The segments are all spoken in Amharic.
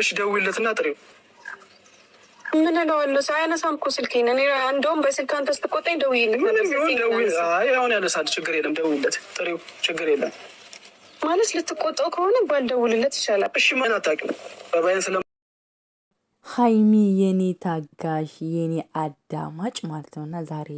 እሺ ደውይለትና ጥሪው ምን እለዋለሁ? ሰው አያነሳም እኮ ስልኬን። እኔ እንደውም በስልክ አንተ ስትቆጣኝ ደውይልኝ። አሁን ያነሳል፣ ችግር የለም ደውይለት፣ ጥሪው፣ ችግር የለም ማለት ልትቆጣው ከሆነ ባልደውልለት ይሻላል። እሺ ምን አታውቂም ባይን ሀይሚ የኔ ታጋሽ የኔ አዳማጭ ማለት ነው እና ዛሬ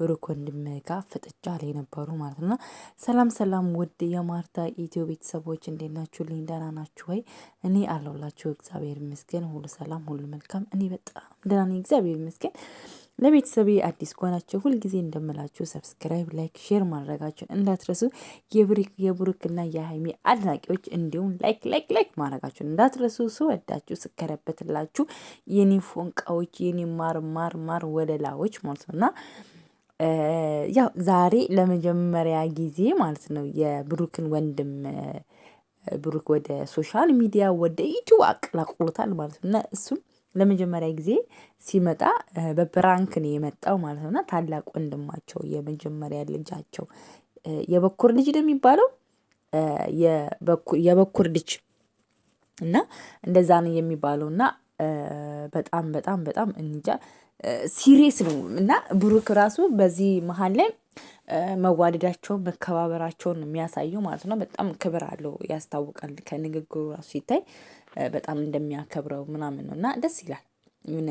ብሩክ ወንድም ጋ ፍጥጫ ላይ ነበሩ ማለት ነው። ሰላም ሰላም፣ ውድ የማርታ ኢትዮ ቤተሰቦች እንዴት ናችሁ? ልኝ ደህና ናችሁ ወይ? እኔ አለሁላችሁ እግዚአብሔር ይመስገን፣ ሁሉ ሰላም፣ ሁሉ መልካም። እኔ በጣም ደህና ነኝ እግዚአብሔር ይመስገን። ለቤተሰቤ አዲስ ከሆናችሁ ሁልጊዜ እንደምላችሁ ሰብስክራይብ፣ ላይክ፣ ሼር ማድረጋችሁን እንዳትረሱ። የብሩክና የሀይሜ አድናቂዎች እንዲሁም ላይክ ላይክ ላይክ ማድረጋችሁን እንዳትረሱ። ስወዳችሁ ስከረበትላችሁ የኔ ፎንቃዎች የኔ ማር ማር ማር ወለላዎች ማለት ነውና ያው ዛሬ ለመጀመሪያ ጊዜ ማለት ነው የብሩክን ወንድም ብሩክ ወደ ሶሻል ሚዲያ ወደ ዩቲዩብ አቅላቁሎታል ማለት ነው። እና እሱም ለመጀመሪያ ጊዜ ሲመጣ በብራንክ ነው የመጣው ማለት ነው። እና ታላቅ ወንድማቸው የመጀመሪያ ልጃቸው የበኩር ልጅ ነው የሚባለው የበኩር ልጅ እና እንደዛ ነው የሚባለው እና በጣም በጣም በጣም እንጃ ሲሪየስ ነው እና ብሩክ ራሱ በዚህ መሀል ላይ መዋደዳቸውን መከባበራቸውን የሚያሳየው ማለት ነው። በጣም ክብር አለው ያስታውቃል። ከንግግሩ ራሱ ሲታይ በጣም እንደሚያከብረው ምናምን ነው እና ደስ ይላል። ሆነ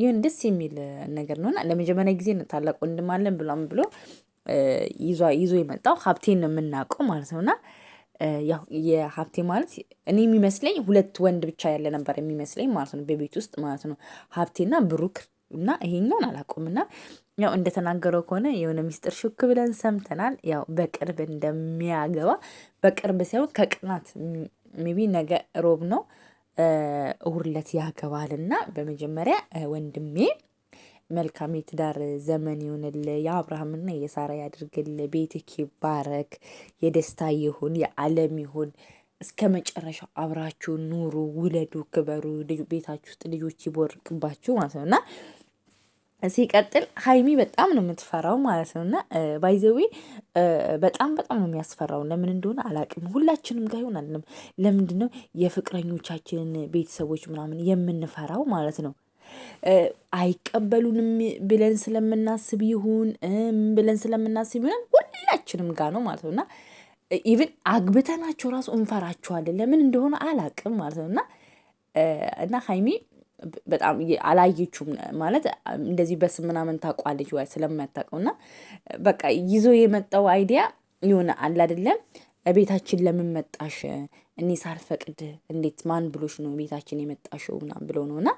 ይህን ደስ የሚል ነገር ነውና ለመጀመሪያ ጊዜ ታላቅ ወንድም አለን ብሏም ብሎ ይዞ የመጣው ሀብቴን ነው የምናውቀው ማለት ነውና የሀብቴ ማለት እኔ የሚመስለኝ ሁለት ወንድ ብቻ ያለ ነበር የሚመስለኝ ማለት ነው፣ በቤት ውስጥ ማለት ነው። ሀብቴና ብሩክ እና ይሄኛውን አላውቁም። እና ያው እንደተናገረው ከሆነ የሆነ ሚስጥር ሹክ ብለን ሰምተናል። ያው በቅርብ እንደሚያገባ በቅርብ ሳይሆን ከቅናት ሜቢ ነገ ሮብ ነው እሑድ ዕለት ያገባል እና በመጀመሪያ ወንድሜ መልካም የትዳር ዘመን ይሁንል። የአብርሃምና የሳራ ያድርግል። ቤትክ ይባረክ። የደስታ ይሁን፣ የዓለም ይሁን። እስከ መጨረሻው አብራችሁ ኑሩ፣ ውለዱ፣ ክበሩ። ቤታችሁ ውስጥ ልጆች ይቦርቅባችሁ ማለት ነው እና ሲቀጥል ሀይሚ በጣም ነው የምትፈራው ማለት ነው እና ባይዘዌ በጣም በጣም ነው የሚያስፈራው። ለምን እንደሆነ አላቅም። ሁላችንም ጋር ይሆን አለም። ለምንድን ነው የፍቅረኞቻችንን ቤተሰቦች ምናምን የምንፈራው ማለት ነው? አይቀበሉንም ብለን ስለምናስብ ይሁን ብለን ስለምናስብ ይሆናል ሁላችንም ጋር ነው ማለት ነው። እና ኢቭን አግብተናቸው ራሱ እንፈራቸዋለን ለምን እንደሆነ አላቅም ማለት ነው። እና እና ሀይሚ በጣም አላየችውም ማለት እንደዚህ በስም ምናምን ታውቋለች ወይ ስለማታውቀው እና በቃ ይዞ የመጣው አይዲያ የሆነ አለ አይደለም ቤታችን ለምን መጣሽ? እኔ ሳልፈቅድ እንዴት ማን ብሎሽ ነው ቤታችን የመጣሽው? ምናምን ብሎ ነው እና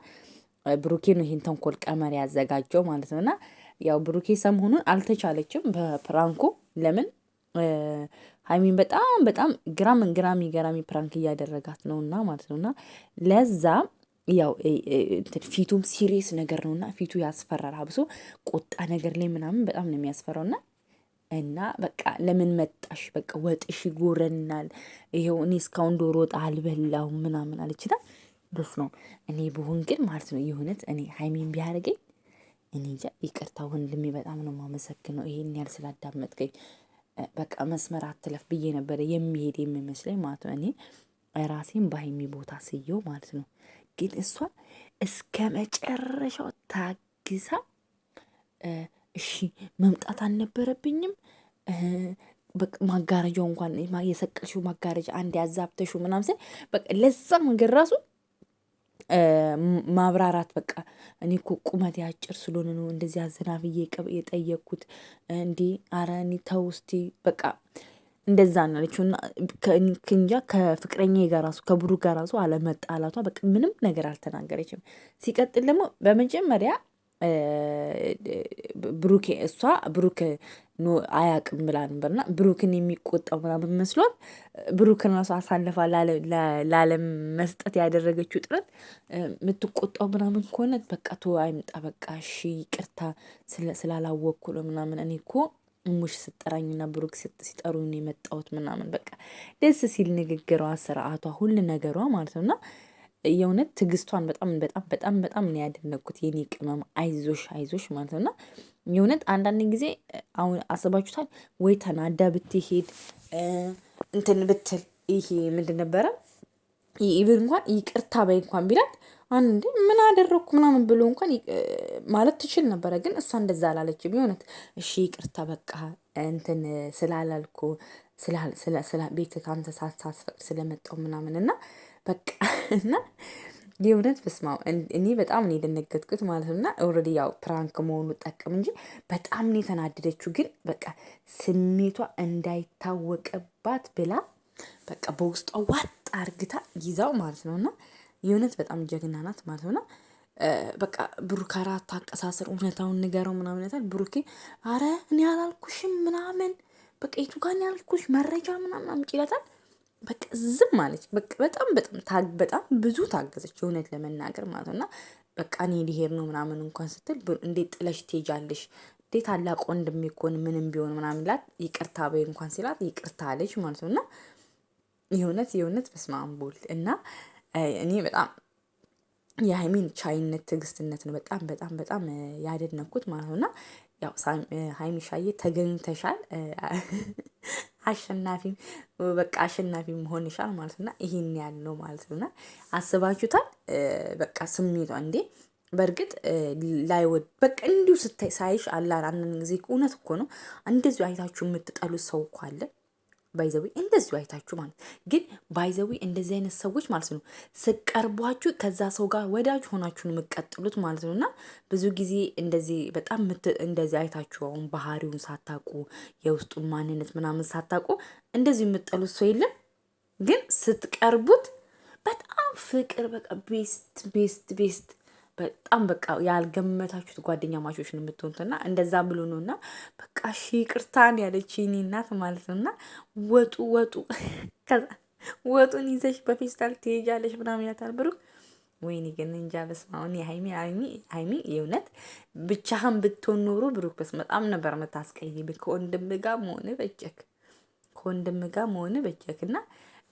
ብሩኬ ነው ይህን ተንኮል ቀመር ያዘጋጀው ማለት ነው። እና ያው ብሩኬ ሰሞኑን አልተቻለችም በፕራንኩ ለምን ሀይሚን በጣም በጣም ግራም ግራሚ ገራሚ ፕራንክ እያደረጋት ነው እና ማለት ነው እና ለዛ ያው ፊቱም ሲሪየስ ነገር ነው እና ፊቱ ያስፈራል። አብሶ ቁጣ ነገር ላይ ምናምን በጣም ነው የሚያስፈራው እና እና በቃ ለምን መጣሽ? በቃ ወጥሽ ይጎረናል። ይኸው እኔ እስካሁን ዶሮ ወጥ አልበላው ምናምን አለችላል በስመ አብ እኔ ብሆን ግን ማለት ነው የእውነት እኔ ሀይሜን ቢያደርገኝ እኔ እንጃ። ይቅርታ ወንድሜ፣ በጣም ነው ማመሰግነው ይሄን ያህል ስላዳመጥከኝ። በቃ መስመር አትለፍ ብዬ ነበረ የሚሄድ የሚመስለኝ ማለት ነው። እኔ ራሴን በሀይሜ ቦታ ስየው ማለት ነው። ግን እሷ እስከ መጨረሻው ታግሳ እሺ መምጣት አልነበረብኝም ማጋረጃው እንኳን የሰቀልሽው ማጋረጃ አንድ ያዛብተሽው ምናምን ስል በቃ ለዛ መንገድ ራሱ ማብራራት በቃ እኔ እኮ ቁመት ያጭር ስለሆነ ነው እንደዚህ አዘናብዬ የጠየቅኩት እንዴ አረ እኔ ተው እስቲ በቃ እንደዛ ነው ያለችው። እና ከፍቅረኛ ጋር ራሱ ከብሩ ጋር ራሱ አለመጣላቷ በቃ ምንም ነገር አልተናገረችም። ሲቀጥል ደግሞ በመጀመሪያ ብሩኬ እሷ ብሩክ አያቅም ብላ ነበርና ብሩክን የሚቆጣው ምናምን መስሏት ብሩክን ራሱ አሳልፋ ላለመስጠት ያደረገችው ጥረት የምትቆጣው ምናምን ከሆነ በቃ ቶ አይምጣ በቃ እሺ ይቅርታ ስላላወቅኩ ነው ምናምን እኔ እኮ እሙሽ ስጠራኝና ብሩክ ሲጠሩኝ የመጣሁት ምናምን በቃ ደስ ሲል ንግግሯ፣ ስርዓቷ፣ ሁሉ ነገሯ ማለት ነው ነውና የእውነት ትግስቷን በጣም በጣም በጣም በጣም ነው ያደነኩት። የኔ ቅመም አይዞሽ አይዞሽ ማለት ነው። እና የእውነት አንዳንድ ጊዜ አሁን አስባችሁታል ወይ ተናዳ ብትሄድ እንትን ብትል ይሄ ምንድን ነበረ ኢቭን እንኳን ይቅርታ በይ እንኳን ቢላት አንድ ምን አደረግኩ ምናምን ብሎ እንኳን ማለት ትችል ነበረ። ግን እሷ እንደዛ አላለችም። የእውነት እሺ ይቅርታ በቃ እንትን ስላላልኩ ቤት ከአንተ ሳስፈቅድ ስለመጣው ምናምን እና በቃ እና የእውነት በስማው እኔ በጣም ነው የደነገጥኩት ማለት ነው። እና ኦልሬዲ ያው ፕራንክ መሆኑ ጠቅም እንጂ በጣም ነው የተናደደችው። ግን በቃ ስሜቷ እንዳይታወቅባት ብላ በቃ በውስጧ ዋጥ አርግታ ይዛው ማለት ነው። እና የእውነት በጣም ጀግና ናት ማለት ነው። በቃ ብሩካራ አራት እውነታውን ንገረው ምናምን ያታል። ብሩኬ አረ እኔ አላልኩሽም ምናምን በቃ የቱ ጋር እኔ ያልኩሽ መረጃ ምናምን አምጪ ይላታል። በቃ ዝም አለች። በቃ በጣም በጣም በጣም ብዙ ታገዘች እውነት ለመናገር ማለት ነው። በቃ እኔ ሊሄድ ነው ምናምን እንኳን ስትል እንዴት ጥለሽ ትሄጃለሽ? እንዴት ታላቅ ወንድሜ እኮ ምንም ቢሆን ምናምን ላት ይቅርታ በይ እንኳን ሲላት ይቅርታ አለች ማለት ነው። እና የእውነት የእውነት በስመ አብ ወልድ እና እኔ በጣም የሀይሚን ቻይነት ትዕግስትነት ነው በጣም በጣም በጣም ያደነኩት ማለት ነው። እና ያው ሀይሚ ሻዬ ተገኝተሻል። አሸናፊ በቃ አሸናፊ መሆን ይሻል ማለት እና ይሄን ያህል ነው ማለት ነውና አስባችሁታል። በቃ ስሜቷ እንዴ በእርግጥ ላይወድ በቃ እንዲሁ ስታይ ሳይሽ አላር አንዳንድ ጊዜ እውነት እኮ ነው። እንደዚሁ አይታችሁ የምትጠሉት ሰው እኮ አለ። ባይዘዊ እንደዚሁ አይታችሁ ማለት ግን ባይዘዊ እንደዚህ አይነት ሰዎች ማለት ነው ስቀርቧችሁ ከዛ ሰው ጋር ወዳጅ ሆናችሁን የምቀጥሉት ማለት ነው። እና ብዙ ጊዜ እንደዚህ በጣም እንደዚህ አይታችሁ አሁን ባህሪውን ሳታቁ የውስጡን ማንነት ምናምን ሳታቁ እንደዚሁ የምጠሉት ሰው የለም። ግን ስትቀርቡት በጣም ፍቅር በቃ ቤስት ቤስት ቤስት በጣም በቃ ያልገመታችሁት ጓደኛ ማቾች ነው የምትሆኑትና እንደዛ ብሎ ነው እና በቃ እሺ ቅርታን ያለች እኔ እናት ማለት ነው እና ወጡ ወጡ ከዛ ወጡን ይዘሽ በፌስታል ትሄጃለሽ ምናምን ያታል ብሩክ ወይኔ ግን እንጃ በስመ አብ ሀይሚ ሀይሚ የእውነት ብቻህን ብትሆን ኖሮ ብሩክ በስመ አብ በጣም ነበር የምታስቀይም። ከወንድም ጋር መሆን በጀክ ከወንድም ጋር መሆን በጀክ እና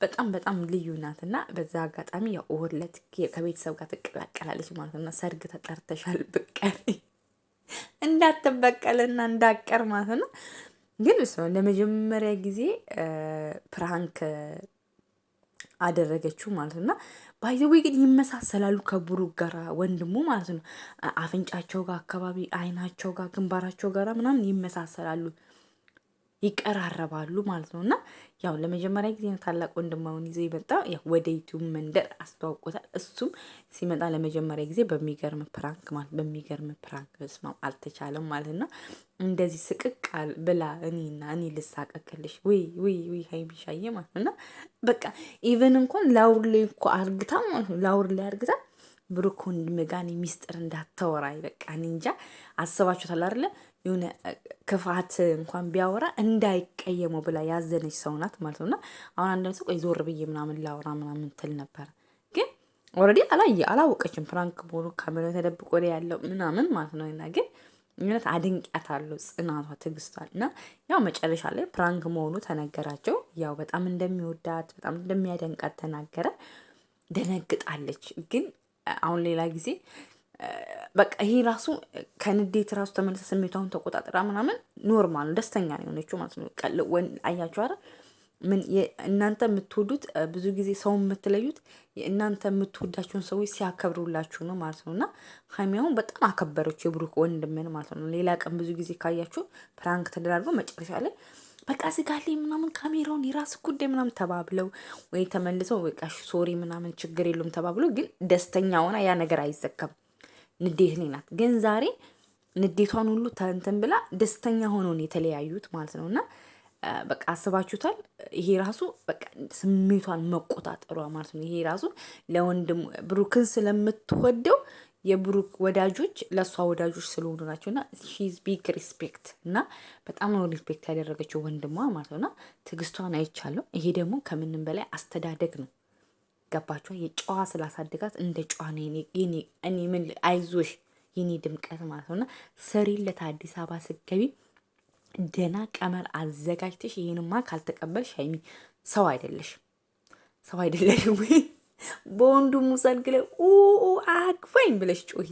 በጣም በጣም ልዩ ናት እና በዛ አጋጣሚ ያው ዕለት ከቤተሰብ ጋር ትቀላቀላለች ማለት ነው። ሰርግ ተጠርተሻል ብቀል እንዳትበቀልና እንዳቀር ማለት ነው። ግን ስ ለመጀመሪያ ጊዜ ፕራንክ አደረገችው ማለት ነው ባይዘዌ ግን ይመሳሰላሉ ከብሩክ ጋር ወንድሙ ማለት ነው። አፍንጫቸው ጋር አካባቢ፣ አይናቸው ጋር፣ ግንባራቸው ጋር ምናምን ይመሳሰላሉ። ይቀራረባሉ ማለት ነው። እና ያው ለመጀመሪያ ጊዜ ነው ታላቅ ወንድማውን ይዞ የመጣ ወደ ዩቱብ መንደር አስተዋውቆታል። እሱም ሲመጣ ለመጀመሪያ ጊዜ በሚገርም ፕራንክ ማለት በሚገርም ፕራንክ ስማም አልተቻለም ማለት ነው። እንደዚህ ስቅቃል ብላ እኔና እኔ ልሳቀቅልሽ ወይ ወይ ወይ ሀይሚሻዬ ማለት ነው እና በቃ ኢቨን እንኳን ላውር ላይ እኮ አርግታ ማለት ነው ላውር ላይ አርግታ ብሩክ ወንድምህ ጋር እኔ ሚስጥር እንዳታወራ በቃ እኔ እንጃ አስባችሁታል አይደለ? የሆነ ክፋት እንኳን ቢያወራ እንዳይቀየመው ብላ ያዘነች ሰው ናት ማለት ነው። እና አሁን አንድ ሰው ቆይ ዞር ብዬ ምናምን ላወራ ምናምን ትል ነበር፣ ግን ኦልሬዲ አላየ አላወቀችም። ፕራንክ ቦሎ ካሜራ ተደብቆ ያለው ምናምን ማለት ነው። እና ግን ምነት አድንቅያታለሁ፣ ጽናቷ፣ ትግስቷ እና ያው መጨረሻ ላይ ፕራንክ መሆኑ ተነገራቸው። ያው በጣም እንደሚወዳት በጣም እንደሚያደንቃት ተናገረ። ደነግጣለች ግን አሁን ሌላ ጊዜ በቃ ይሄ ራሱ ከንዴት ራሱ ተመልሰ ስሜቷን ተቆጣጥራ ምናምን ኖርማል ደስተኛ ነው የሆነችው ማለት ነው። አያችሁ አይደል? ምን እናንተ የምትወዱት ብዙ ጊዜ ሰው የምትለዩት እናንተ የምትወዳቸውን ሰዎች ሲያከብሩላችሁ ነው ማለት ነው። እና ሀይሚያውን በጣም አከበረች የብሩክ ወንድምን ማለት ነው። ሌላ ቀን ብዙ ጊዜ ካያችሁ ፕራንክ ተደራርገ መጨረሻ ላይ በቃ ስጋ ላይ ምናምን ካሜራውን የራስ ጉዳይ ምናምን ተባብለው ወይ ተመልሰው በቃ ሶሪ ምናምን ችግር የለውም ተባብለው ግን ደስተኛ ሆና ያ ነገር አይዘከም። ንዴት ናት። ግን ዛሬ ንዴቷን ሁሉ ተንትን ብላ ደስተኛ ሆነውን የተለያዩት ማለት ነው እና በቃ አስባችሁታል። ይሄ ራሱ በቃ ስሜቷን መቆጣጠሯ ማለት ነው። ይሄ ራሱ ለወንድም ብሩክን ስለምትወደው የብሩክ ወዳጆች ለእሷ ወዳጆች ስለሆኑ ናቸው እና ሺዝ ቢግ ሪስፔክት እና በጣም ነው ሪስፔክት ያደረገችው ወንድሟ ማለት ነው እና ትዕግስቷን አይቻለሁ። ይሄ ደግሞ ከምንም በላይ አስተዳደግ ነው። ገባችኋ? የጨዋ ስላሳደጋት እንደ ጨዋ እኔ ምን አይዞሽ የኔ ድምቀት ማለት ነው። እና ስሪለት አዲስ አበባ ስገቢ ደና ቀመር አዘጋጅተሽ ይህንማ ካልተቀበልሽ ሀይሚ ሰው አይደለሽ፣ ሰው አይደለሽ ወይ በወንዱ ሙሰልግለ አግፋኝ ብለሽ ጩሂ።